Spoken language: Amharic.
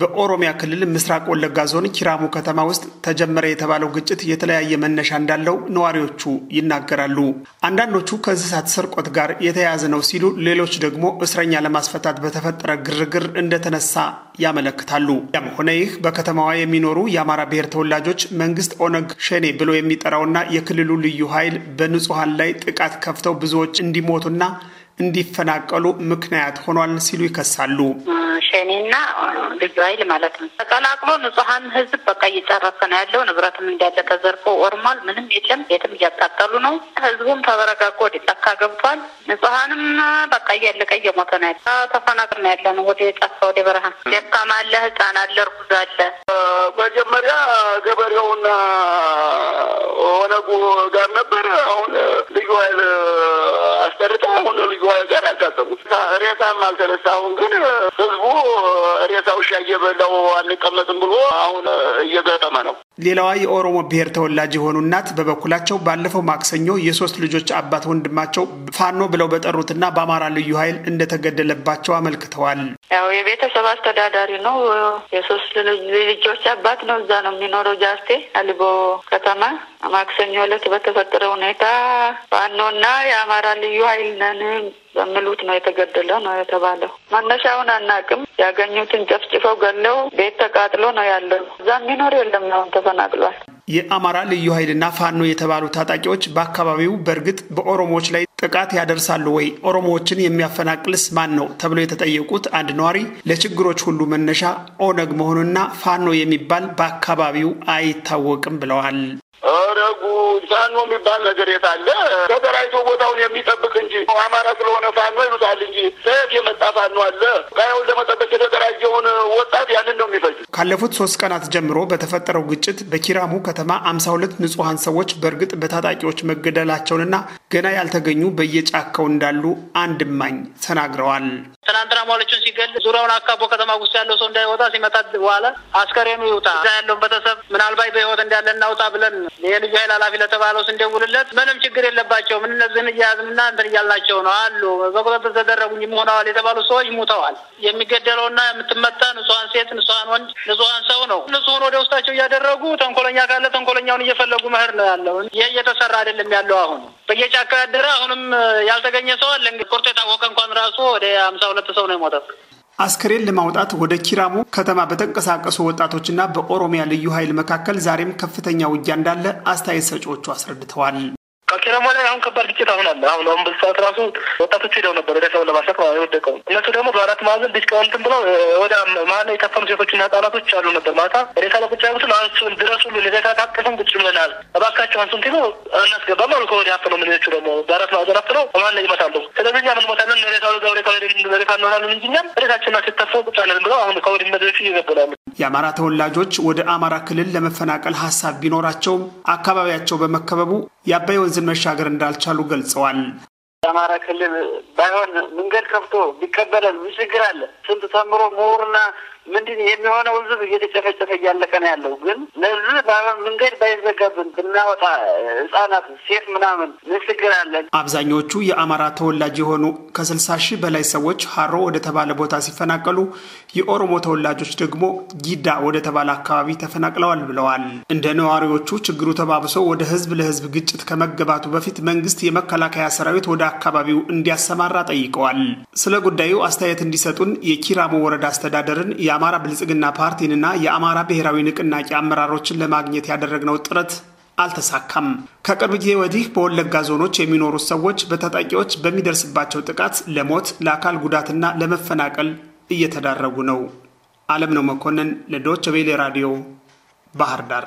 በኦሮሚያ ክልል ምስራቅ ወለጋ ዞን ኪራሙ ከተማ ውስጥ ተጀመረ የተባለው ግጭት የተለያየ መነሻ እንዳለው ነዋሪዎቹ ይናገራሉ። አንዳንዶቹ ከእንስሳት ስርቆት ጋር የተያያዘ ነው ሲሉ፣ ሌሎች ደግሞ እስረኛ ለማስፈታት በተፈጠረ ግርግር እንደተነሳ ያመለክታሉ። ያም ሆነ ይህ በከተማዋ የሚኖሩ የአማራ ብሔር ተወላጆች መንግስት ኦነግ ሸኔ ብሎ የሚጠራውና የክልሉ ልዩ ኃይል በንጹሐን ላይ ጥቃት ከፍተው ብዙዎች እንዲሞቱና እንዲፈናቀሉ ምክንያት ሆኗል ሲሉ ይከሳሉ። ሸኔና ልዩ ኃይል ማለት ነው ተቀላቅሎ ንጹሀን ህዝብ በቃ እየጨረሰ ነው ያለው። ንብረትም እንዳለ ተዘርፎ ወርሟል። ምንም የለም። ቤትም እያቃጠሉ ነው። ህዝቡም ተበረጋጎ ወደ ጫካ ገብቷል። ንጹሀንም በቃ እያለቀ እየሞተ ነው ያለ ተፈናቅር ነው ያለ ነው ወደ ጫካ ወደ በረሃ ደካማ አለ፣ ህፃን አለ፣ እርጉዝ አለ። መጀመሪያ ገበሬውና ኦነጉ ጋር ነበር። አሁን ልዩ ኃይል ቀርጦ አሁን ልዩ ጋር ያጋጠሙት ሬሳም አልተነሳ። አሁን ግን ህዝቡ ሬሳው ሻ እየበላው አንቀመጥም ብሎ አሁን እየገጠመ ነው። ሌላዋ የኦሮሞ ብሔር ተወላጅ የሆኑ እናት በበኩላቸው ባለፈው ማክሰኞ የሶስት ልጆች አባት ወንድማቸው ፋኖ ብለው በጠሩትና በአማራ ልዩ ኃይል እንደተገደለባቸው አመልክተዋል። ያው የቤተሰብ አስተዳዳሪ ነው። የሶስት ልጆች አባት ነው። እዛ ነው የሚኖረው ጃርቴ አልቦ ከተማ። ማክሰኞ ዕለት በተፈጠረ ሁኔታ ፋኖና የአማራ ልዩ ኃይል ነን በሚሉት ነው የተገደለ ነው የተባለው። መነሻውን አናቅም። ያገኙትን ጨፍጭፈው ገለው ቤት ተቃጥሎ ነው ያለው። እዛ የሚኖር የለም። አሁን ተፈናቅሏል። የአማራ ልዩ ኃይልና ፋኖ የተባሉ ታጣቂዎች በአካባቢው በእርግጥ በኦሮሞዎች ላይ ጥቃት ያደርሳሉ ወይ? ኦሮሞዎችን የሚያፈናቅልስ ማን ነው ተብሎ የተጠየቁት አንድ ነዋሪ ለችግሮች ሁሉ መነሻ ኦነግ መሆኑና ፋኖ የሚባል በአካባቢው አይታወቅም ብለዋል። ኦነጉ ፋኖ የሚባል ነገር የታለ? ተደራጅቶ ቦታውን የሚጠብቅ አማራ ስለሆነ ፋኖ ይሉታል እንጂ ከየት የመጣ ፋኖ አለ? ጋያውን ለመጠበቅ የተደራጀውን ወጣት ያንን ነው የሚፈጅ ካለፉት ሶስት ቀናት ጀምሮ በተፈጠረው ግጭት በኪራሙ ከተማ 52 ንጹሐን ሰዎች በእርግጥ በታጣቂዎች መገደላቸውንና ገና ያልተገኙ በየጫካው እንዳሉ አንድ እማኝ ተናግረዋል። ትናንትና ማለችን ሲገል ዙሪያውን አካቦ ከተማ ውስጥ ያለው ሰው እንዳይወጣ ሲመታ በኋላ አስከሬኑ ይውጣ፣ እዛ ያለውን ቤተሰብ ምናልባት በህይወት እንዳለ እናውጣ ብለን የልዩ ኃይል ኃላፊ ለተባለው ስንደውልለት ምንም ችግር የለባቸውም እነዚህን እያያዝንና እንትን እያልናቸው ነው አሉ። በቁጥጥር ተደረጉኝም ሆነዋል የተባሉ ሰዎች ሙተዋል። የሚገደለውና የምትመታ ንጹሐን ሴት፣ ንጹሐን ወንድ ንጹሐን ሰው ነው። ንጹህን ወደ ውስጣቸው እያደረጉ ተንኮለኛ ካለ ተንኮለኛውን እየፈለጉ መህር ነው ያለው። ይህ እየተሰራ አይደለም ያለው። አሁን በየጫካ ያደረ አሁንም ያልተገኘ ሰው አለ። እንግዲህ ቁርጥ የታወቀ እንኳን ራሱ ወደ ሀምሳ ሁለት ሰው ነው የሞተው። አስከሬን ለማውጣት ወደ ኪራሙ ከተማ በተንቀሳቀሱ ወጣቶችና በኦሮሚያ ልዩ ኃይል መካከል ዛሬም ከፍተኛ ውጊያ እንዳለ አስተያየት ሰጪዎቹ አስረድተዋል። ኬረሞ ላይ አሁን ከባድ ግጭት አሁን አለ። አሁን አሁን በዚህ ራሱ ወጣቶች ሄደው ነበር ወደ ሰው ለማሰቅ ነው የወደቀው። እነሱ ደግሞ በአራት ማዕዘን ዲስካውንትን ብለው ወደ መሀል ላይ የከፈኑ ሴቶችና ህጻናቶች አሉ ነበር። ማታ ሬሳ ለቁጭ ያሉትን አንሱን ድረሱ ሌዘታ ታቅፈን ቁጭ ብለናል፣ እባካቸው አንሱን ሲሉ እናስገባም አሉ። ከወዲ ሀፍ ነው ምንቹ ደግሞ በአራት ማዕዘን ሀፍ ነው በመሀል ላይ ይመታሉ። ስለዚህ እኛ ምን ሞታለን ሬሳ ዛሬ ሬሳ እንሆናለን እንጂ እኛም ሬሳችንና ሲተፈ ቁጭ አለን ብለው አሁን ከወዲ መድረሹ ይገበላሉ። የአማራ ተወላጆች ወደ አማራ ክልል ለመፈናቀል ሀሳብ ቢኖራቸውም አካባቢያቸው በመከበቡ የአባይ ወንዝን መሻገር እንዳልቻሉ ገልጸዋል። የአማራ ክልል ባይሆን መንገድ ከፍቶ ቢቀበለን ምን ችግር አለ? ስንት ተምሮ ምሁርና ምንድን የሚሆነው ህዝብ እየተጨፈጨፈ እያለቀ ነው ያለው። ግን ለዚህ መንገድ ባይዘጋብን ብናወጣ ህጻናት፣ ሴት ምናምን ንችግር አለን። አብዛኞቹ የአማራ ተወላጅ የሆኑ ከስልሳ ሺህ በላይ ሰዎች ሀሮ ወደ ተባለ ቦታ ሲፈናቀሉ የኦሮሞ ተወላጆች ደግሞ ጊዳ ወደ ተባለ አካባቢ ተፈናቅለዋል ብለዋል። እንደ ነዋሪዎቹ ችግሩ ተባብሶ ወደ ህዝብ ለህዝብ ግጭት ከመገባቱ በፊት መንግስት የመከላከያ ሰራዊት ወደ አካባቢው እንዲያሰማራ ጠይቀዋል። ስለ ጉዳዩ አስተያየት እንዲሰጡን የኪራሞ ወረዳ አስተዳደርን የአማራ ብልጽግና ፓርቲንና የአማራ ብሔራዊ ንቅናቄ አመራሮችን ለማግኘት ያደረግነው ጥረት አልተሳካም። ከቅርብ ጊዜ ወዲህ በወለጋ ዞኖች የሚኖሩ ሰዎች በታጣቂዎች በሚደርስባቸው ጥቃት ለሞት ለአካል ጉዳትና ለመፈናቀል እየተዳረጉ ነው። አለም ነው መኮንን ለዶች ቬሌ ራዲዮ ባህር ዳር